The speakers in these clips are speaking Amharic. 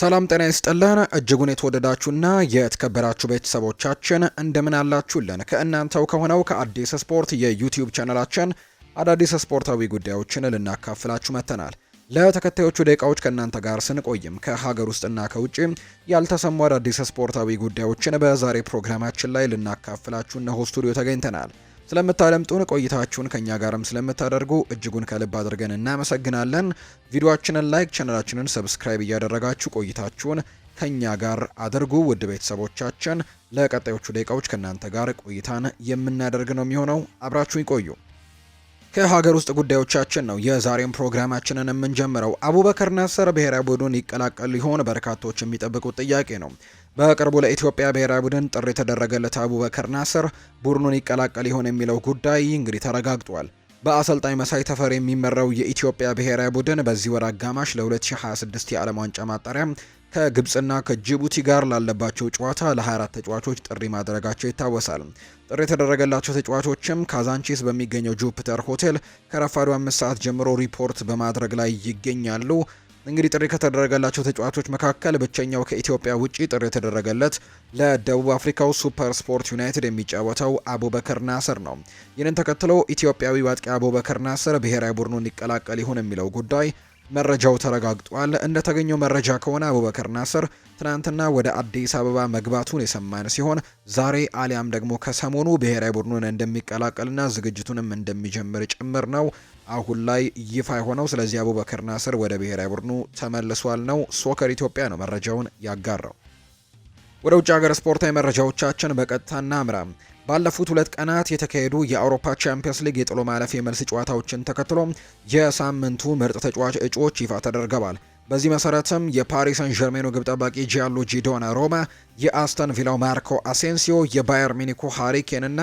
ሰላም ጤና ይስጥልን እጅጉን የተወደዳችሁና የተከበራችሁ ቤተሰቦቻችን እንደምን አላችሁልን? ከእናንተው ከሆነው ከአዲስ ስፖርት የዩቲዩብ ቻናላችን አዳዲስ ስፖርታዊ ጉዳዮችን ልናካፍላችሁ መጥተናል። ለተከታዮቹ ደቂቃዎች ከእናንተ ጋር ስንቆይም ከሀገር ውስጥና ከውጭ ያልተሰሙ አዳዲስ ስፖርታዊ ጉዳዮችን በዛሬ ፕሮግራማችን ላይ ልናካፍላችሁ እነሆ ስቱዲዮ ተገኝተናል። ስለምታደምጡን ቆይታችሁን ከኛ ጋርም ስለምታደርጉ እጅጉን ከልብ አድርገን እናመሰግናለን። ቪዲዮአችንን ላይክ፣ ቻናላችንን ሰብስክራይብ እያደረጋችሁ ቆይታችሁን ከኛ ጋር አድርጉ። ውድ ቤተሰቦቻችን ለቀጣዮቹ ደቂቃዎች ከእናንተ ጋር ቆይታን የምናደርግ ነው የሚሆነው። አብራችሁ ይቆዩ። ከሀገር ውስጥ ጉዳዮቻችን ነው የዛሬን ፕሮግራማችንን የምንጀምረው። አቡበከር ናስር ብሔራዊ ቡድኑን ይቀላቀል ሊሆን በርካቶች የሚጠብቁት ጥያቄ ነው። በቅርቡ ለኢትዮጵያ ብሔራዊ ቡድን ጥሪ የተደረገለት አቡበከር ናስር ቡድኑን ይቀላቀል ይሆን የሚለው ጉዳይ እንግዲህ ተረጋግጧል። በአሰልጣኝ መሳይ ተፈሪ የሚመራው የኢትዮጵያ ብሔራዊ ቡድን በዚህ ወር አጋማሽ ለ2026 የዓለም ዋንጫ ማጣሪያ ከግብፅና ከጅቡቲ ጋር ላለባቸው ጨዋታ ለ24 ተጫዋቾች ጥሪ ማድረጋቸው ይታወሳል። ጥሪ የተደረገላቸው ተጫዋቾችም ካዛንቺስ በሚገኘው ጁፒተር ሆቴል ከረፋዱ አምስት ሰዓት ጀምሮ ሪፖርት በማድረግ ላይ ይገኛሉ። እንግዲህ ጥሪ ከተደረገላቸው ተጫዋቾች መካከል ብቸኛው ከኢትዮጵያ ውጪ ጥሪ የተደረገለት ለደቡብ አፍሪካው ሱፐር ስፖርት ዩናይትድ የሚጫወተው አቡበከር ናስር ነው። ይህንን ተከትሎ ኢትዮጵያዊ አጥቂ አቡበከር ናስር ብሔራዊ ቡድኑ እንዲቀላቀል ይሁን የሚለው ጉዳይ መረጃው ተረጋግጧል። እንደተገኘው መረጃ ከሆነ አቡበከር ናስር ትናንትና ወደ አዲስ አበባ መግባቱን የሰማን ሲሆን ዛሬ አሊያም ደግሞ ከሰሞኑ ብሔራዊ ቡድኑን እንደሚቀላቀልና ዝግጅቱንም እንደሚጀምር ጭምር ነው አሁን ላይ ይፋ የሆነው። ስለዚህ አቡበከር ናስር ወደ ብሔራዊ ቡድኑ ተመልሷል ነው ሶከር ኢትዮጵያ ነው መረጃውን ያጋራው። ወደ ውጭ ሀገር ስፖርታዊ መረጃዎቻችን በቀጥታ እናምራ። ባለፉት ሁለት ቀናት የተካሄዱ የአውሮፓ ቻምፒየንስ ሊግ የጥሎ ማለፍ የመልስ ጨዋታዎችን ተከትሎ የሳምንቱ ምርጥ ተጫዋች እጩዎች ይፋ ተደርገዋል። በዚህ መሰረትም የፓሪስ ሰን ዠርሜኑ ግብ ጠባቂ ጂያንሉጂ ሮማ፣ የአስተን ቪላው ማርኮ አሴንሲዮ፣ የባየር ሚኒኩ ሃሪኬንና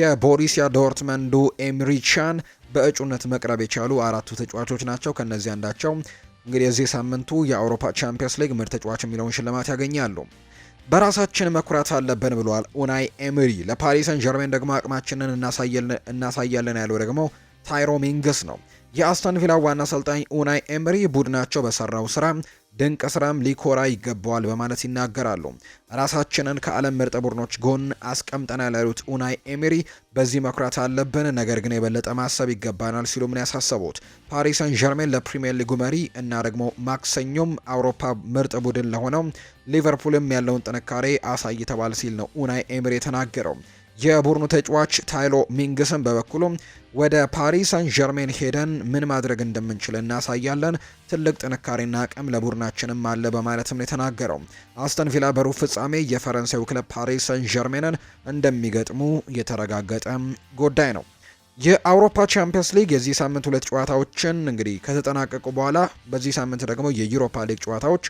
የቦሪሲያ ዶርትመንዱ ኤምሪቻን በእጩነት መቅረብ የቻሉ አራቱ ተጫዋቾች ናቸው። ከነዚህ አንዳቸው እንግዲህ የዚህ ሳምንቱ የአውሮፓ ቻምፒየንስ ሊግ ምርጥ ተጫዋች የሚለውን ሽልማት ያገኛሉ። በራሳችን መኩራት አለብን ብሏል ኡናይ ኤምሪ። ለፓሪስ ጀርሜን ደግሞ አቅማችንን እናሳያለን ያለው ደግሞ ታይሮ ሚንግስ ነው። የአስተን ቪላ ዋና አሰልጣኝ ኡናይ ኤምሪ ቡድናቸው በሰራው ስራ ድንቅ ስራም ሊኮራ ይገባዋል በማለት ይናገራሉ። ራሳችንን ከዓለም ምርጥ ቡድኖች ጎን አስቀምጠናል ያሉት ኡናይ ኤሜሪ በዚህ መኩራት አለብን፣ ነገር ግን የበለጠ ማሰብ ይገባናል ሲሉም ነው ያሳሰቡት። ፓሪስ ጀርሜን ዠርሜን ለፕሪምየር ሊጉ መሪ እና ደግሞ ማክሰኞም አውሮፓ ምርጥ ቡድን ለሆነው ሊቨርፑልም ያለውን ጥንካሬ አሳይ ሲል ነው ኡናይ ኤሜሪ የተናገረው። የቡድኑ ተጫዋች ታይሎ ሚንግስን በበኩሉ ወደ ፓሪስ ሳን ጀርሜን ሄደን ምን ማድረግ እንደምንችል እናሳያለን። ትልቅ ጥንካሬና አቅም ለቡድናችንም አለ በማለትም የተናገረው። አስተን ቪላ በሩብ ፍጻሜ የፈረንሳዩ ክለብ ፓሪስ ሳን ጀርሜንን እንደሚገጥሙ የተረጋገጠ ጉዳይ ነው። የአውሮፓ ቻምፒየንስ ሊግ የዚህ ሳምንት ሁለት ጨዋታዎችን እንግዲህ ከተጠናቀቁ በኋላ በዚህ ሳምንት ደግሞ የዩሮፓ ሊግ ጨዋታዎች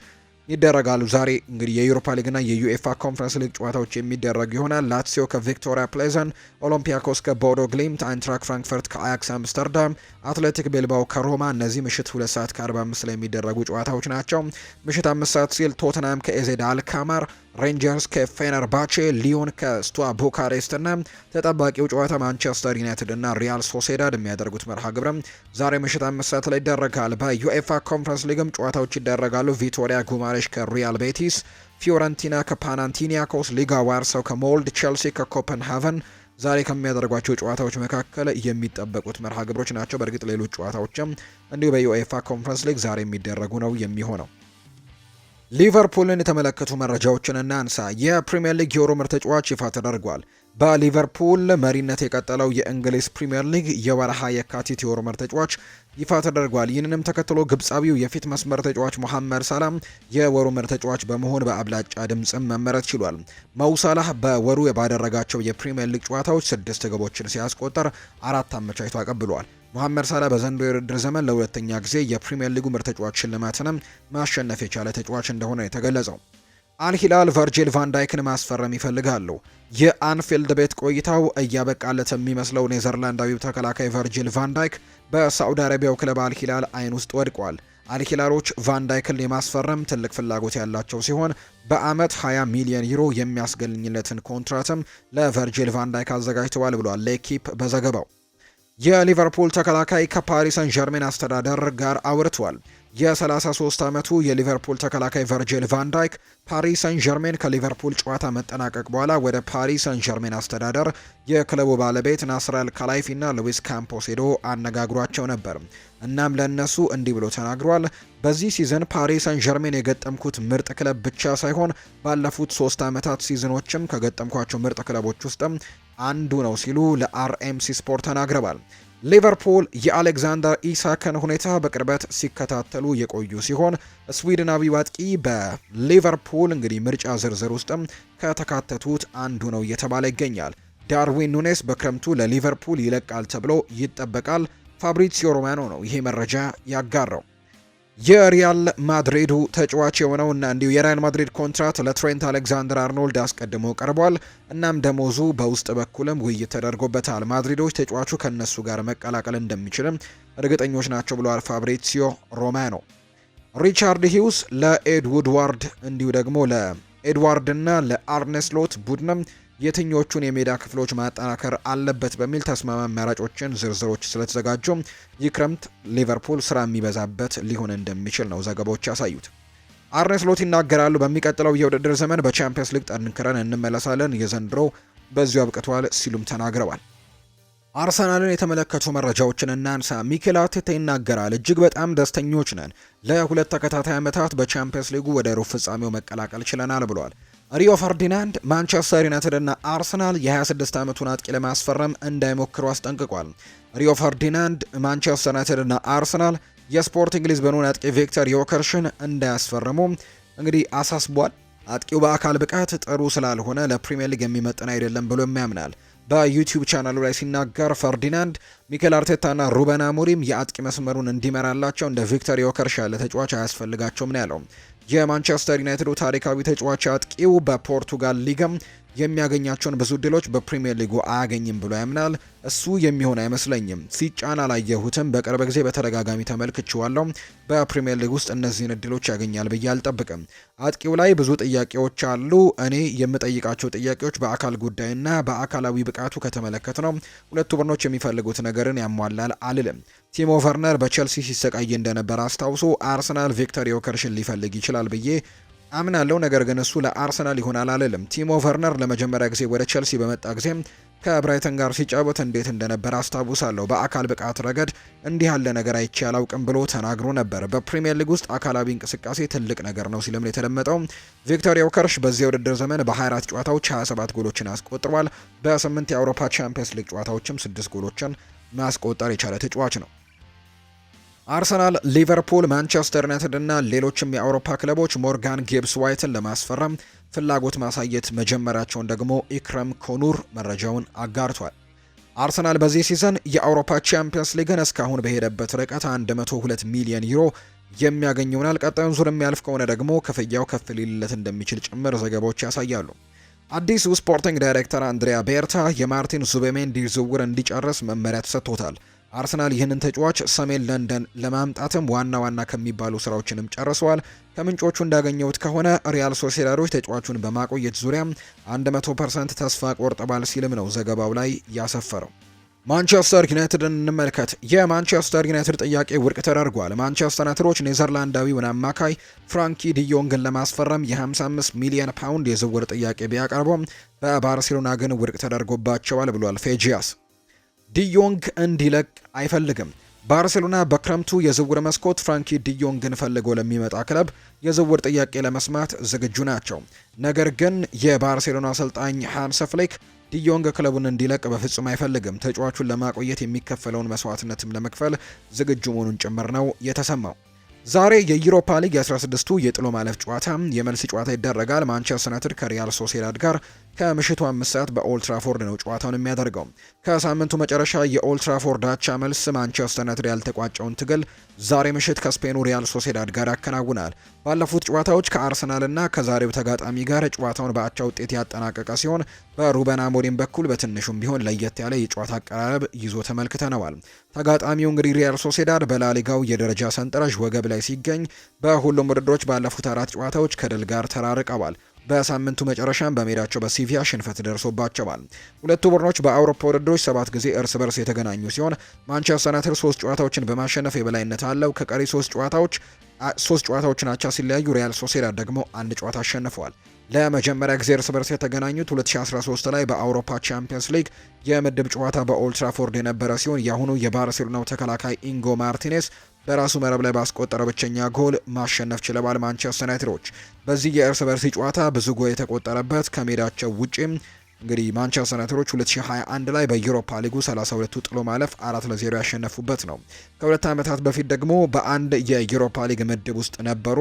ይደረጋሉ። ዛሬ እንግዲህ የዩሮፓ ሊግና የዩኤፋ ኮንፈረንስ ሊግ ጨዋታዎች የሚደረጉ ይሆናል። ላትሲዮ ከቪክቶሪያ ፕሌዘን፣ ኦሎምፒያኮስ ከቦዶ ግሊምት፣ አይንትራክ ፍራንክፈርት ከአያክስ አምስተርዳም፣ አትሌቲክ ቤልባው ከሮማ። እነዚህ ምሽት 2 ሰዓት ከ45 ላይ የሚደረጉ ጨዋታዎች ናቸው። ምሽት 5 ሰዓት ሲል ቶትናም ከኤዜድ አልካማር ሬንጀርስ ከፌነርባቼ፣ ሊዮን ከስቱዋ ቡካሬስት እና ተጠባቂው ጨዋታ ማንቸስተር ዩናይትድ እና ሪያል ሶሴዳድ የሚያደርጉት መርሃ ግብርም ዛሬ ምሽት አምስት ሰዓት ላይ ይደረጋል። በዩኤፋ ኮንፈረንስ ሊግም ጨዋታዎች ይደረጋሉ። ቪቶሪያ ጉማሬሽ ከሪያል ቤቲስ፣ ፊዮረንቲና ከፓናንቲኒያኮስ፣ ሊጋ ዋርሰው ከሞልድ፣ ቼልሲ ከኮፐንሃቨን ዛሬ ከሚያደርጓቸው ጨዋታዎች መካከል የሚጠበቁት መርሃ ግብሮች ናቸው። በእርግጥ ሌሎች ጨዋታዎችም እንዲሁ በዩኤፋ ኮንፈረንስ ሊግ ዛሬ የሚደረጉ ነው የሚሆነው። ሊቨርፑልን የተመለከቱ መረጃዎችን እናንሳ። የፕሪምየር ሊግ የወሩ ምርጥ ተጫዋች ይፋ ተደርጓል። በሊቨርፑል መሪነት የቀጠለው የእንግሊዝ ፕሪምየር ሊግ የወርሃ የካቲት የወሩ ምርጥ ተጫዋች ይፋ ተደርጓል። ይህንንም ተከትሎ ግብፃዊው የፊት መስመር ተጫዋች መሐመድ ሳላህ የወሩ ምርጥ ተጫዋች በመሆን በአብላጫ ድምፅም መመረጥ ችሏል። መውሳላህ በወሩ ባደረጋቸው የፕሪምየር ሊግ ጨዋታዎች ስድስት ግቦችን ሲያስቆጠር አራት አመቻችቶ አቀብሏል። መሐመድ ሳላ በዘንዶ የውድድር ዘመን ለሁለተኛ ጊዜ የፕሪምየር ሊጉ ምርጥ ተጫዋች ሽልማትንም ማሸነፍ የቻለ ተጫዋች እንደሆነ የተገለጸው አልሂላል ቨርጂል ቫንዳይክን ማስፈረም ይፈልጋሉ። የአንፊልድ ቤት ቆይታው እያበቃለት የሚመስለው ኔዘርላንዳዊው ተከላካይ ቨርጂል ቫንዳይክ ዳይክ በሳዑዲ አረቢያው ክለብ አልሂላል አይን ውስጥ ወድቋል። አልሂላሎች ቫንዳይክን የማስፈረም ትልቅ ፍላጎት ያላቸው ሲሆን በአመት 20 ሚሊዮን ዩሮ የሚያስገኝለትን ኮንትራትም ለቨርጂል ቫንዳይክ አዘጋጅተዋል ብሏል ለኪፕ በዘገባው። የሊቨርፑል ተከላካይ ከፓሪስ ሰን ጀርሜን አስተዳደር ጋር አውርቷል። የ33 ዓመቱ የሊቨርፑል ተከላካይ ቨርጂል ቫንዳይክ ፓሪስ ሰን ጀርሜን ከሊቨርፑል ጨዋታ መጠናቀቅ በኋላ ወደ ፓሪስ ሰን ጀርሜን አስተዳደር የክለቡ ባለቤት ናስራል ካላይፊ እና ሉዊስ ካምፖስ ሄዶ አነጋግሯቸው ነበር። እናም ለእነሱ እንዲህ ብሎ ተናግሯል። በዚህ ሲዝን ፓሪስ ሰን ጀርሜን የገጠምኩት ምርጥ ክለብ ብቻ ሳይሆን ባለፉት ሶስት ዓመታት ሲዝኖችም ከገጠምኳቸው ምርጥ ክለቦች ውስጥም አንዱ ነው ሲሉ ለአርኤምሲ ስፖርት ተናግረዋል። ሊቨርፑል የአሌክዛንደር ኢሳክን ሁኔታ በቅርበት ሲከታተሉ የቆዩ ሲሆን ስዊድናዊ አጥቂ በሊቨርፑል እንግዲህ ምርጫ ዝርዝር ውስጥም ከተካተቱት አንዱ ነው እየተባለ ይገኛል። ዳርዊን ኑኔስ በክረምቱ ለሊቨርፑል ይለቃል ተብሎ ይጠበቃል። ፋብሪሲዮ ሮማኖ ነው ይሄ መረጃ ያጋራው። የሪያል ማድሪዱ ተጫዋች የሆነው እና እንዲሁ የሪያል ማድሪድ ኮንትራት ለትሬንት አሌክዛንደር አርኖልድ አስቀድሞ ቀርቧል። እናም ደሞዙ በውስጥ በኩልም ውይይት ተደርጎበታል። ማድሪዶች ተጫዋቹ ከነሱ ጋር መቀላቀል እንደሚችልም እርግጠኞች ናቸው ብለዋል ፋብሪሲዮ ሮማኖ። ሪቻርድ ሂውስ ለኤድዋርድ እንዲሁ ደግሞ እና ለአርኔስሎት ቡድንም የትኞቹን የሜዳ ክፍሎች ማጠናከር አለበት በሚል ተስማሚ አማራጮችን ዝርዝሮች ስለተዘጋጁ ይህ ክረምት ሊቨርፑል ስራ የሚበዛበት ሊሆን እንደሚችል ነው ዘገባዎች ያሳዩት። አርኔስ ስሎት ይናገራሉ። በሚቀጥለው የውድድር ዘመን በቻምፒየንስ ሊግ ጠንክረን እንመለሳለን፣ የዘንድሮ በዚሁ አብቅቷል ሲሉም ተናግረዋል። አርሰናልን የተመለከቱ መረጃዎችን እናንሳ። ሚኬል አርቴታ ይናገራል። እጅግ በጣም ደስተኞች ነን። ለሁለት ተከታታይ ዓመታት በቻምፒየንስ ሊጉ ወደ ሩብ ፍጻሜው መቀላቀል ችለናል ብሏል። ሪዮ ፈርዲናንድ ማንቸስተር ዩናይትድና አርሰናል የ26 ዓመቱን አጥቂ ለማስፈረም እንዳይሞክሩ አስጠንቅቋል። ሪዮ ፈርዲናንድ ማንቸስተር እና አርሰናል የስፖርቲንግ ሊዝበኑን አጥቂ ቪክተር ዮከርሽን እንዳያስፈርሙ እንግዲህ አሳስቧል። አጥቂው በአካል ብቃት ጥሩ ስላልሆነ ለፕሪምየር ሊግ የሚመጥን አይደለም ብሎ ያምናል። በዩቲዩብ ቻናሉ ላይ ሲናገር ፈርዲናንድ፣ ሚኬል አርቴታና ሩበን አሞሪም የአጥቂ መስመሩን እንዲመራላቸው እንደ ቪክተር ዮከርሽ ያለ ተጫዋች አያስፈልጋቸውም ነው ያለው። የማንቸስተር ዩናይትዱ ታሪካዊ ተጫዋች አጥቂው በፖርቱጋል ሊግም የሚያገኛቸውን ብዙ እድሎች በፕሪምየር ሊጉ አያገኝም ብሎ ያምናል። እሱ የሚሆን አይመስለኝም። ሲጫን አላየሁትም። በቅርብ ጊዜ በተደጋጋሚ ተመልክችዋለሁ በፕሪምየር ሊግ ውስጥ እነዚህን እድሎች ያገኛል ብዬ አልጠብቅም። አጥቂው ላይ ብዙ ጥያቄዎች አሉ። እኔ የምጠይቃቸው ጥያቄዎች በአካል ጉዳይና በአካላዊ ብቃቱ ከተመለከት ነው። ሁለቱ ቡድኖች የሚፈልጉት ነገርን ያሟላል አልልም። ቲሞ ቨርነር በቼልሲ ሲሰቃይ እንደነበር አስታውሶ አርሰናል ቪክተር ዮከርስን ሊፈልግ ይችላል ብዬ አምናለው ነገር ግን እሱ ለአርሰናል ይሆናል አልልም። ቲሞ ቨርነር ለመጀመሪያ ጊዜ ወደ ቸልሲ በመጣ ጊዜ ከብራይተን ጋር ሲጫወት እንዴት እንደነበር አስታውሳለሁ። በአካል ብቃት ረገድ እንዲህ ያለ ነገር አይቼ አላውቅም ብሎ ተናግሮ ነበር። በፕሪምየር ሊግ ውስጥ አካላዊ እንቅስቃሴ ትልቅ ነገር ነው ሲልም የተደመጠው ቪክቶር ዮከርሽ በዚህ የውድድር ዘመን በ24 ጨዋታዎች 27 ጎሎችን አስቆጥሯል። በ8 የአውሮፓ ቻምፒየንስ ሊግ ጨዋታዎችም 6 ጎሎችን ማስቆጠር የቻለ ተጫዋች ነው። አርሰናል፣ ሊቨርፑል፣ ማንቸስተር ዩናይትድ እና ሌሎችም የአውሮፓ ክለቦች ሞርጋን ጌብስ ዋይትን ለማስፈረም ፍላጎት ማሳየት መጀመራቸውን ደግሞ ኢክረም ኮኑር መረጃውን አጋርቷል። አርሰናል በዚህ ሲዘን የአውሮፓ ቻምፒየንስ ሊግን እስካሁን በሄደበት ርቀት 102 ሚሊዮን ዩሮ የሚያገኝ ይሆናል። ቀጣዩን ዙር የሚያልፍ ከሆነ ደግሞ ክፍያው ከፍ ሊልለት እንደሚችል ጭምር ዘገባዎች ያሳያሉ። አዲሱ ስፖርቲንግ ዳይሬክተር አንድሪያ ቤርታ የማርቲን ዙቤሜንዲ ዝውውር እንዲጨርስ መመሪያ ተሰጥቶታል። አርሰናል ይህንን ተጫዋች ሰሜን ለንደን ለማምጣትም ዋና ዋና ከሚባሉ ስራዎችንም ጨርሰዋል። ከምንጮቹ እንዳገኘሁት ከሆነ ሪያል ሶሴዳዶች ተጫዋቹን በማቆየት ዙሪያ 100% ተስፋ ቆርጠባል ሲልም ነው ዘገባው ላይ ያሰፈረው። ማንቸስተር ዩናይትድን እንመልከት። የማንቸስተር ዩናይትድ ጥያቄ ውድቅ ተደርጓል። ማንቸስተር ዩናይትዶች ኔዘርላንዳዊውን አማካይ ፍራንኪ ዲዮንግን ለማስፈረም የ55 ሚሊዮን ፓውንድ የዝውውር ጥያቄ ቢያቀርቡም በባርሴሎና ግን ውድቅ ተደርጎባቸዋል ብሏል ፌጂያስ ዲዮንግ እንዲለቅ አይፈልግም። ባርሴሎና በክረምቱ የዝውውር መስኮት ፍራንኪ ዲዮንግን ፈልጎ ለሚመጣ ክለብ የዝውውር ጥያቄ ለመስማት ዝግጁ ናቸው። ነገር ግን የባርሴሎና አሰልጣኝ ሃንስ ፍሌክ ዲዮንግ ክለቡን እንዲለቅ በፍጹም አይፈልግም። ተጫዋቹን ለማቆየት የሚከፈለውን መስዋዕትነትም ለመክፈል ዝግጁ መሆኑን ጭምር ነው የተሰማው። ዛሬ የዩሮፓ ሊግ የ16ቱ የጥሎ ማለፍ ጨዋታ የመልስ ጨዋታ ይደረጋል። ማንቸስተር ዩናይትድ ከሪያል ሶሴዳድ ጋር ከምሽቱ አምስት ሰዓት በኦልትራፎርድ ነው ጨዋታውን የሚያደርገው። ከሳምንቱ መጨረሻ የኦልትራፎርድ አቻ መልስ ማንቸስተር ዩናይትድ ያልተቋጨውን ትግል ዛሬ ምሽት ከስፔኑ ሪያል ሶሴዳድ ጋር ያከናውናል። ባለፉት ጨዋታዎች ከአርሰናልና ከዛሬው ተጋጣሚ ጋር ጨዋታውን በአቻ ውጤት ያጠናቀቀ ሲሆን በሩበን አሞሪም በኩል በትንሹም ቢሆን ለየት ያለ የጨዋታ አቀራረብ ይዞ ተመልክተነዋል። ተጋጣሚው እንግዲህ ሪያል ሶሴዳድ በላሊጋው የደረጃ ሰንጠረዥ ወገብ ላይ ሲገኝ በሁሉም ውድድሮች ባለፉት አራት ጨዋታዎች ከድል ጋር ተራርቀዋል። በሳምንቱ መጨረሻም በሜዳቸው በሲቪያ ሽንፈት ደርሶባቸዋል። ሁለቱ ቡድኖች በአውሮፓ ውድድሮች ሰባት ጊዜ እርስ በርስ የተገናኙ ሲሆን ማንቸስተር ዩናይትድ ሶስት ጨዋታዎችን በማሸነፍ የበላይነት አለው። ከቀሪ ሶስት ጨዋታዎች ሶስት ጨዋታዎችን አቻ ሲለያዩ ሪያል ሶሴዳድ ደግሞ አንድ ጨዋታ አሸንፈዋል። ለመጀመሪያ ጊዜ እርስ በርስ የተገናኙት 2013 ላይ በአውሮፓ ቻምፒየንስ ሊግ የምድብ ጨዋታ በኦልትራፎርድ የነበረ ሲሆን የአሁኑ የባርሴሎናው ተከላካይ ኢንጎ ማርቲኔስ በራሱ መረብ ላይ ባስቆጠረው ብቸኛ ጎል ማሸነፍ ችለዋል። ማንቸስተር ዩናይትዶች በዚህ የእርስ በርሲ ጨዋታ ብዙ ጎል የተቆጠረበት ከሜዳቸው ውጪም እንግዲህ ማንቸስተር ዩናይትዶች 2021 ላይ በዩሮፓ ሊጉ 32ቱ ጥሎ ማለፍ 4 ለ0 ያሸነፉበት ነው። ከሁለት ዓመታት በፊት ደግሞ በአንድ የዩሮፓ ሊግ ምድብ ውስጥ ነበሩ።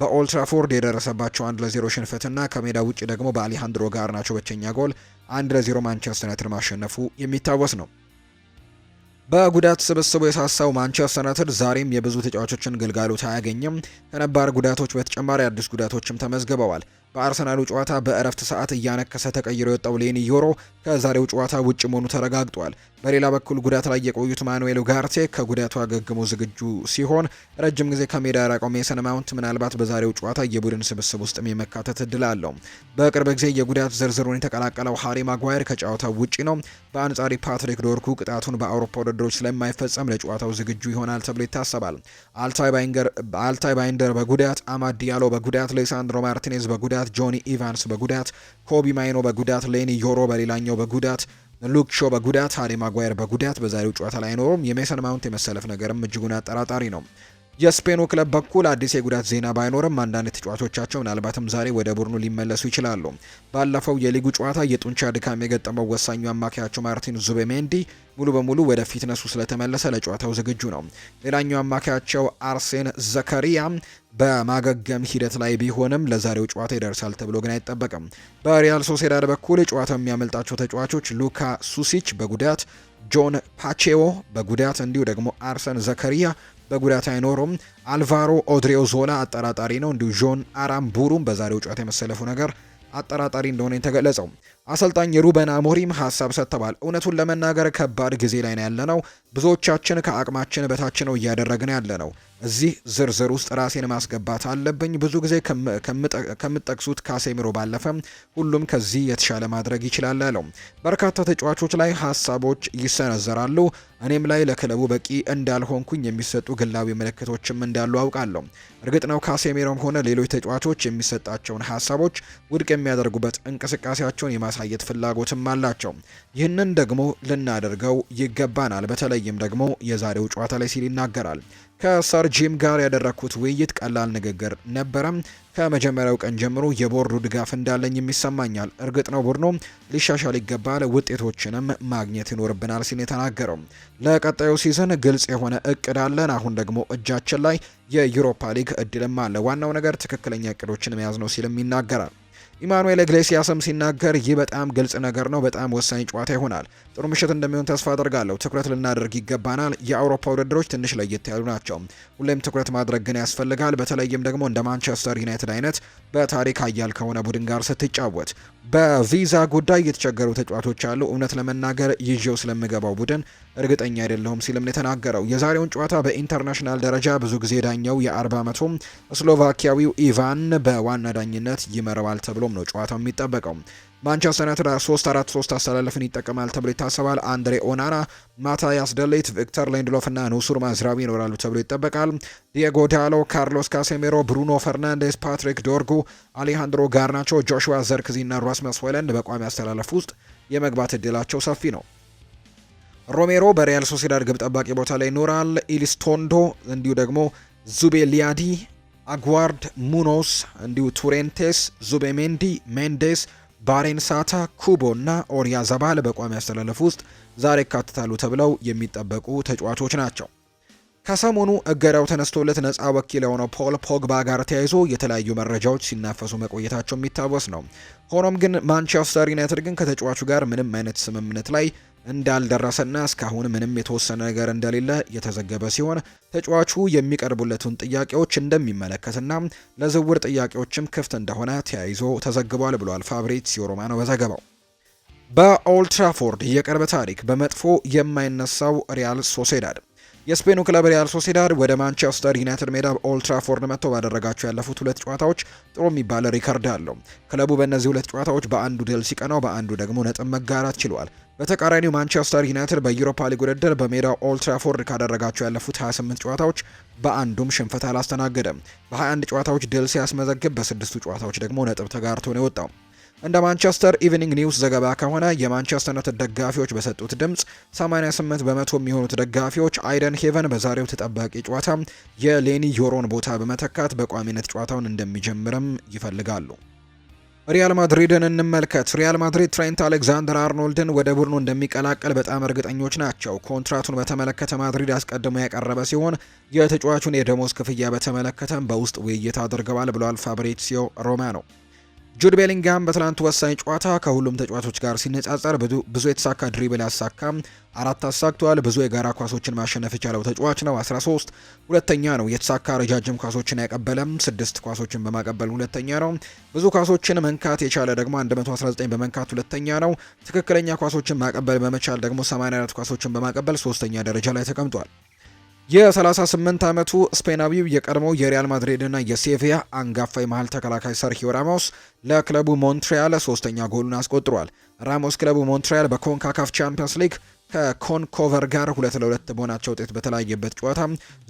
በኦልትራፎርድ የደረሰባቸው 1 ለ0 ሽንፈትና ከሜዳ ውጭ ደግሞ በአሊሃንድሮ ጋር ናቸው ብቸኛ ጎል 1 ለ0 ማንቸስተር ዩናይትድ ማሸነፉ የሚታወስ ነው። በጉዳት ስብስቡ የሳሳው ማንቸስተር ዩናይትድ ዛሬም የብዙ ተጫዋቾችን ግልጋሎት አያገኝም። ከነባር ጉዳቶች በተጨማሪ አዲስ ጉዳቶችም ተመዝግበዋል። በአርሰናሉ ጨዋታ በእረፍት ሰዓት እያነከሰ ተቀይሮ የወጣው ሌኒ ዮሮ ከዛሬው ጨዋታ ውጭ መሆኑ ተረጋግጧል። በሌላ በኩል ጉዳት ላይ የቆዩት ማኑኤል ጋርቴ ከጉዳቱ አገግሞ ዝግጁ ሲሆን፣ ረጅም ጊዜ ከሜዳ ያራቀው ሜሰን ማውንት ምናልባት በዛሬው ጨዋታ የቡድን ስብስብ ውስጥ የመካተት እድል አለው። በቅርብ ጊዜ የጉዳት ዝርዝሩን የተቀላቀለው ሃሪ ማጓየር ከጨዋታው ውጪ ነው። በአንጻሪ ፓትሪክ ዶርኩ ቅጣቱን በአውሮፓ ውድድሮች ስለማይፈጸም ለጨዋታው ዝግጁ ይሆናል ተብሎ ይታሰባል። አልታይ ባይንደር በጉዳት አማድ ዲያሎ በጉዳት ሌሳንድሮ ማርቲኔዝ በጉዳት በጉዳት ጆኒ ኢቫንስ በጉዳት ኮቢ ማይኖ በጉዳት ሌኒ ዮሮ በሌላኛው በጉዳት ሉክ ሾ በጉዳት ሃሪ ማጓየር በጉዳት በዛሬው ጨዋታ ላይ አይኖሩም። የሜሰን ማውንት የመሰለፍ ነገርም እጅጉን አጠራጣሪ ነው። የስፔኑ ክለብ በኩል አዲስ የጉዳት ዜና ባይኖርም አንዳንድ ተጫዋቾቻቸው ምናልባትም ዛሬ ወደ ቡድኑ ሊመለሱ ይችላሉ። ባለፈው የሊጉ ጨዋታ የጡንቻ ድካም የገጠመው ወሳኙ አማካያቸው ማርቲን ዙቤሜንዲ ሙሉ በሙሉ ወደ ፊትነሱ ስለተመለሰ ለጨዋታው ዝግጁ ነው። ሌላኛው አማካያቸው አርሴን ዘከሪያ በማገገም ሂደት ላይ ቢሆንም ለዛሬው ጨዋታ ይደርሳል ተብሎ ግን አይጠበቅም። በሪያል ሶሴዳድ በኩል ጨዋታው የሚያመልጣቸው ተጫዋቾች ሉካ ሱሲች በጉዳት ጆን ፓቼዎ በጉዳት እንዲሁ ደግሞ አርሰን ዘከሪያ በጉዳት አይኖሩም። አልቫሮ ኦድሬዮ ዞላ አጠራጣሪ ነው። እንዲሁ ጆን አራም ቡሩም በዛሬው ጨዋታ የመሰለፉ ነገር አጠራጣሪ እንደሆነ የተገለጸው አሰልጣኝ የሩበን አሞሪም ሀሳብ ሰጥተዋል። እውነቱን ለመናገር ከባድ ጊዜ ላይ ነው ያለነው። ብዙዎቻችን ከአቅማችን በታች ነው እያደረግን ያለነው። እዚህ ዝርዝር ውስጥ ራሴን ማስገባት አለብኝ። ብዙ ጊዜ ከምጠቅሱት ካሴሚሮ ባለፈ ሁሉም ከዚህ የተሻለ ማድረግ ይችላል አለው። በርካታ ተጫዋቾች ላይ ሀሳቦች ይሰነዘራሉ። እኔም ላይ ለክለቡ በቂ እንዳልሆንኩኝ የሚሰጡ ግላዊ ምልክቶችም እንዳሉ አውቃለሁ። እርግጥ ነው ካሴሚሮም ሆነ ሌሎች ተጫዋቾች የሚሰጣቸውን ሀሳቦች ውድቅ የሚያደርጉበት እንቅስቃሴያቸውን የማሳየት ፍላጎትም አላቸው። ይህንን ደግሞ ልናደርገው ይገባናል፣ በተለይም ደግሞ የዛሬው ጨዋታ ላይ ሲል ይናገራል። ከሳር ጂም ጋር ያደረግኩት ውይይት ቀላል ንግግር ነበረም። ከመጀመሪያው ቀን ጀምሮ የቦርዱ ድጋፍ እንዳለኝ ይሰማኛል። እርግጥ ነው ቡድኑ ሊሻሻል ይገባል፣ ውጤቶችንም ማግኘት ይኖርብናል ሲል የተናገረው ለቀጣዩ ሲዝን ግልጽ የሆነ እቅድ አለን። አሁን ደግሞ እጃችን ላይ የዩሮፓ ሊግ እድልም አለ። ዋናው ነገር ትክክለኛ እቅዶችን መያዝ ነው ሲልም ይናገራል። ኢማኑኤል እግሌሲያስም ሲናገር ይህ በጣም ግልጽ ነገር ነው። በጣም ወሳኝ ጨዋታ ይሆናል። ጥሩ ምሽት እንደሚሆን ተስፋ አድርጋለሁ። ትኩረት ልናደርግ ይገባናል። የአውሮፓ ውድድሮች ትንሽ ለየት ያሉ ናቸው። ሁሌም ትኩረት ማድረግ ግን ያስፈልጋል። በተለይም ደግሞ እንደ ማንቸስተር ዩናይትድ አይነት በታሪክ አያል ከሆነ ቡድን ጋር ስትጫወት በቪዛ ጉዳይ የተቸገሩ ተጫዋቾች አሉ። እውነት ለመናገር ይዤው ስለምገባው ቡድን እርግጠኛ አይደለሁም ሲልም የተናገረው። የዛሬውን ጨዋታ በኢንተርናሽናል ደረጃ ብዙ ጊዜ ዳኘው የ40 ዓመቱ ስሎቫኪያዊው ኢቫን በዋና ዳኝነት ይመረዋል ተብሎም ነው ጨዋታው የሚጠበቀው። ማንቸስተር ዩናይትድ 3 4 3 አሰላለፍን ይጠቀማል ተብሎ ይታሰባል። አንድሬ ኦናና፣ ማታያስ ደሌት፣ ቪክተር ሌንድሎፍ እና ኑሱር ማዝራዊ ይኖራሉ ተብሎ ይጠበቃል። ዲየጎ ዳሎ፣ ካርሎስ ካሴሜሮ፣ ብሩኖ ፈርናንዴስ፣ ፓትሪክ ዶርጉ፣ አሌሃንድሮ ጋርናቾ፣ ጆሹዋ ዘርክዚ እና ሯስ ሆይለንድ በቋሚ አስተላለፍ ውስጥ የመግባት እድላቸው ሰፊ ነው። ሮሜሮ በሪያል ሶሲዳድ ግብ ጠባቂ ቦታ ላይ ይኖራል። ኢሊስቶንዶ እንዲሁ ደግሞ ዙቤ ሊያዲ፣ አጓርድ፣ ሙኖስ እንዲሁ ቱሬንቴስ፣ ዙቤሜንዲ፣ ሜንዲ፣ ሜንዴስ ባሬን ሳታ፣ ኩቦ እና ኦሪያ ዘባል በቋሚ አስተላለፍ ውስጥ ዛሬ ይካትታሉ ተብለው የሚጠበቁ ተጫዋቾች ናቸው። ከሰሞኑ እገዳው ተነስቶለት ነፃ ወኪል የሆነው ፖል ፖግባ ጋር ተያይዞ የተለያዩ መረጃዎች ሲናፈሱ መቆየታቸው የሚታወስ ነው። ሆኖም ግን ማንቸስተር ዩናይትድ ግን ከተጫዋቹ ጋር ምንም አይነት ስምምነት ላይ እንዳልደረሰና እስካሁን ምንም የተወሰነ ነገር እንደሌለ የተዘገበ ሲሆን ተጫዋቹ የሚቀርቡለትን ጥያቄዎች እንደሚመለከትና ለዝውውር ጥያቄዎችም ክፍት እንደሆነ ተያይዞ ተዘግቧል ብሏል ፋብሪዚዮ ሮማኖ በዘገባው። በኦልትራፎርድ የቅርብ ታሪክ በመጥፎ የማይነሳው ሪያል ሶሴዳድ የስፔኑ ክለብ ሪያል ሶሴዳድ ወደ ማንቸስተር ዩናይትድ ሜዳ ኦልትራፎርድ መጥቶ ባደረጋቸው ያለፉት ሁለት ጨዋታዎች ጥሩ የሚባል ሪከርድ አለው። ክለቡ በእነዚህ ሁለት ጨዋታዎች በአንዱ ድል ሲቀናው፣ በአንዱ ደግሞ ነጥብ መጋራት ችሏል። በተቃራኒው ማንቸስተር ዩናይትድ በዩሮፓ ሊግ ውድድር በሜዳ ኦልትራፎርድ ካደረጋቸው ያለፉት 28 ጨዋታዎች በአንዱም ሽንፈት አላስተናገደም። በ21 ጨዋታዎች ድል ሲያስመዘግብ፣ በስድስቱ ጨዋታዎች ደግሞ ነጥብ ተጋርቶ ነው የወጣው። እንደ ማንቸስተር ኢቭኒንግ ኒውስ ዘገባ ከሆነ የማንቸስተር ዩናይትድ ደጋፊዎች በሰጡት ድምፅ 88 በመቶ የሚሆኑት ደጋፊዎች አይደን ሄቨን በዛሬው ተጠባቂ ጨዋታ የሌኒ ዮሮን ቦታ በመተካት በቋሚነት ጨዋታውን እንደሚጀምርም ይፈልጋሉ። ሪያል ማድሪድን እንመልከት። ሪያል ማድሪድ ትሬንት አሌክዛንደር አርኖልድን ወደ ቡድኑ እንደሚቀላቀል በጣም እርግጠኞች ናቸው። ኮንትራቱን በተመለከተ ማድሪድ አስቀድሞ ያቀረበ ሲሆን የተጫዋቹን የደሞዝ ክፍያ በተመለከተም በውስጥ ውይይት አድርገዋል ብሏል ፋብሪሲዮ ሮማኖ ነው። ጁድ ቤሊንግሃም በትላንቱ ወሳኝ ጨዋታ ከሁሉም ተጫዋቾች ጋር ሲነጻጸር ብዙ የተሳካ ድሪብል አሳካም፣ አራት አሳክቷል። ብዙ የጋራ ኳሶችን ማሸነፍ የቻለው ተጫዋች ነው፣ 13 ሁለተኛ ነው። የተሳካ ረጃጅም ኳሶችን ያቀበለም፣ ስድስት ኳሶችን በማቀበል ሁለተኛ ነው። ብዙ ኳሶችን መንካት የቻለ ደግሞ 119 በመንካት ሁለተኛ ነው። ትክክለኛ ኳሶችን ማቀበል በመቻል ደግሞ 84 ኳሶችን በማቀበል ሶስተኛ ደረጃ ላይ ተቀምጧል። የ38 ዓመቱ ስፔናዊው የቀድሞው የሪያል ማድሪድና የሴቪያ አንጋፋ የመሃል ተከላካይ ሰርሂዮ ራሞስ ለክለቡ ሞንትሪያል ሶስተኛ ጎሉን አስቆጥሯል። ራሞስ ክለቡ ሞንትሪያል በኮንካካፍ ቻምፒየንስ ሊግ ከኮንኮቨር ጋር ሁለት ለሁለት በሆናቸው ውጤት በተለያየበት ጨዋታ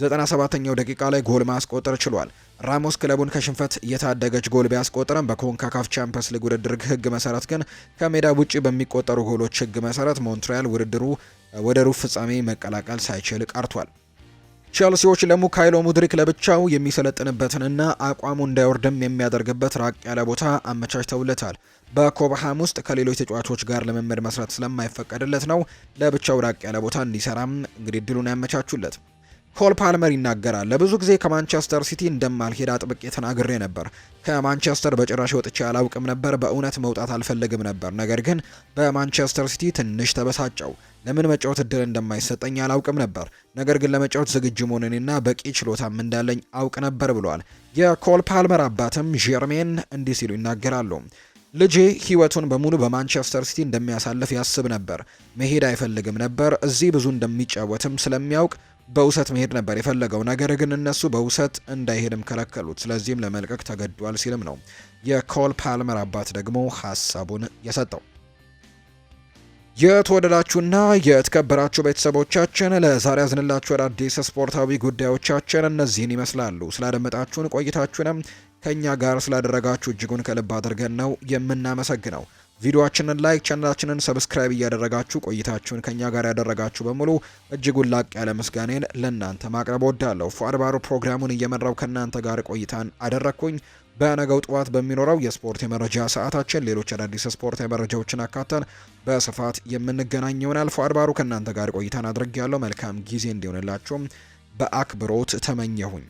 97ኛው ደቂቃ ላይ ጎል ማስቆጠር ችሏል። ራሞስ ክለቡን ከሽንፈት የታደገች ጎል ቢያስቆጠረም በኮንካካፍ ቻምፒየንስ ሊግ ውድድር ህግ መሰረት ግን ከሜዳ ውጭ በሚቆጠሩ ጎሎች ህግ መሰረት ሞንትሪያል ውድድሩ ወደ ሩብ ፍጻሜ መቀላቀል ሳይችል ቀርቷል። ቸልሲዎች ለሙካይሎ ሙድሪክ ለብቻው የሚሰለጥንበትንና አቋሙ እንዳይወርድም የሚያደርግበት ራቅ ያለ ቦታ አመቻችተውለታል። በኮብሃም ውስጥ ከሌሎች ተጫዋቾች ጋር ልምምድ መስራት ስለማይፈቀድለት ነው ለብቻው ራቅ ያለ ቦታ እንዲሰራም እንግዲህ እድሉን ያመቻቹለት። ኮል ፓልመር ይናገራል። ለብዙ ጊዜ ከማንቸስተር ሲቲ እንደማልሄድ አጥብቄ ተናግሬ ነበር። ከማንቸስተር በጭራሽ ወጥቼ አላውቅም ነበር። በእውነት መውጣት አልፈልግም ነበር። ነገር ግን በማንቸስተር ሲቲ ትንሽ ተበሳጨው። ለምን መጫወት እድል እንደማይሰጠኝ አላውቅም ነበር። ነገር ግን ለመጫወት ዝግጁ መሆንንና በቂ ችሎታም እንዳለኝ አውቅ ነበር ብሏል። የኮል ፓልመር አባትም ጀርሜን እንዲህ ሲሉ ይናገራሉ። ልጄ ህይወቱን በሙሉ በማንቸስተር ሲቲ እንደሚያሳልፍ ያስብ ነበር። መሄድ አይፈልግም ነበር። እዚህ ብዙ እንደሚጫወትም ስለሚያውቅ በውሰት መሄድ ነበር የፈለገው። ነገር ግን እነሱ በውሰት እንዳይሄድም ከለከሉት። ስለዚህም ለመልቀቅ ተገዷል ሲልም ነው የኮል ፓልመር አባት ደግሞ ሀሳቡን የሰጠው። የተወደዳችሁና የተከበራችሁ ቤተሰቦቻችን ለዛሬ ያዝንላችሁ አዳዲስ ስፖርታዊ ጉዳዮቻችን እነዚህን ይመስላሉ። ስላደመጣችሁን ቆይታችሁንም ከእኛ ጋር ስላደረጋችሁ እጅጉን ከልብ አድርገን ነው የምናመሰግነው። ቪዲዮችንን ላይክ፣ ቻናላችንን ሰብስክራይብ እያደረጋችሁ ቆይታችሁን ከእኛ ጋር ያደረጋችሁ በሙሉ እጅጉን ላቅ ያለ ምስጋኔን ለእናንተ ማቅረብ ወዳለሁ። ፏአድባሮ ፕሮግራሙን እየመራው ከእናንተ ጋር ቆይታን አደረግኩኝ። በነገው ጠዋት በሚኖረው የስፖርት የመረጃ ሰዓታችን ሌሎች አዳዲስ ስፖርት የመረጃዎችን አካተን በስፋት የምንገናኘውን አልፎ አድባሩ ከእናንተ ጋር ቆይታን አድርግ ያለው መልካም ጊዜ እንዲሆንላችሁም በአክብሮት ተመኘሁኝ።